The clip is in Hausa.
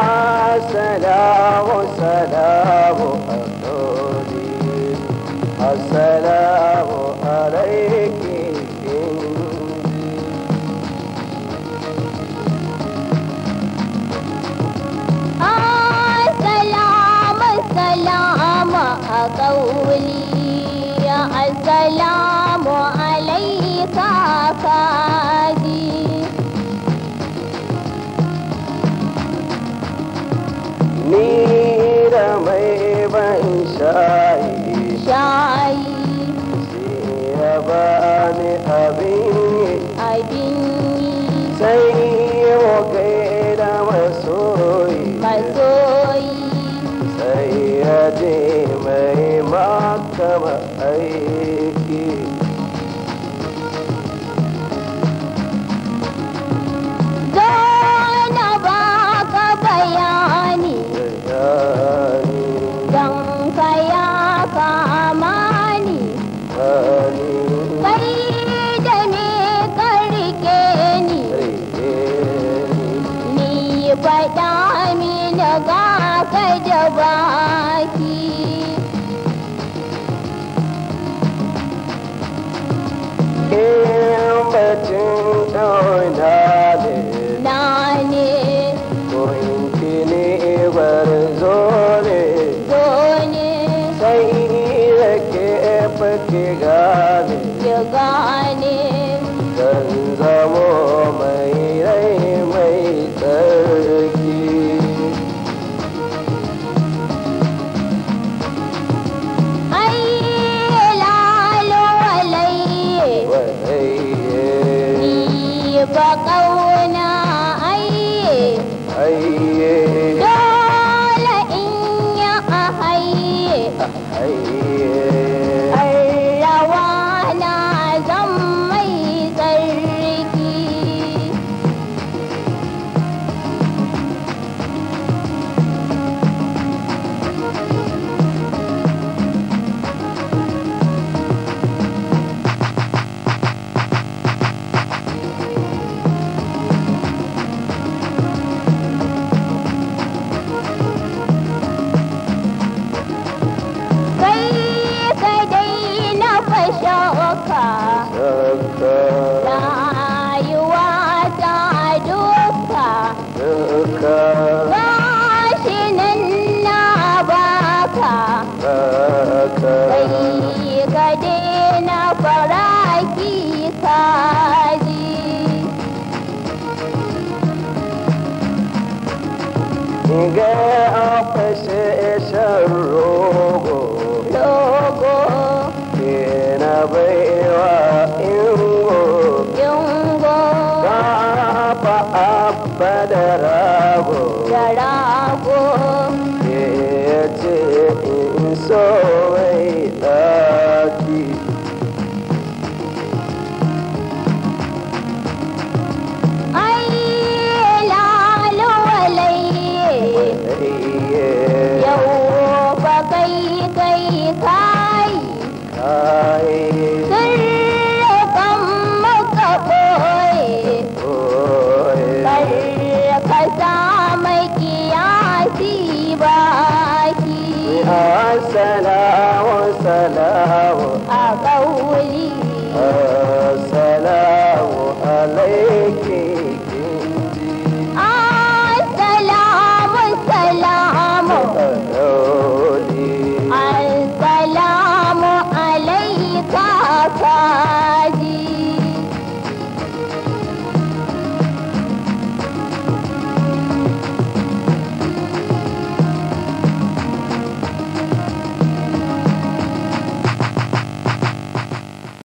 Assalamu alaikum. shayi shayi sai ya bani abin abin shiga ne ya gane dan zamo mai rai mai tsarki ai lalo walai walai ba ka kai ka daina faraki kaji ga afashe shan rogo rogo ke na baiwa in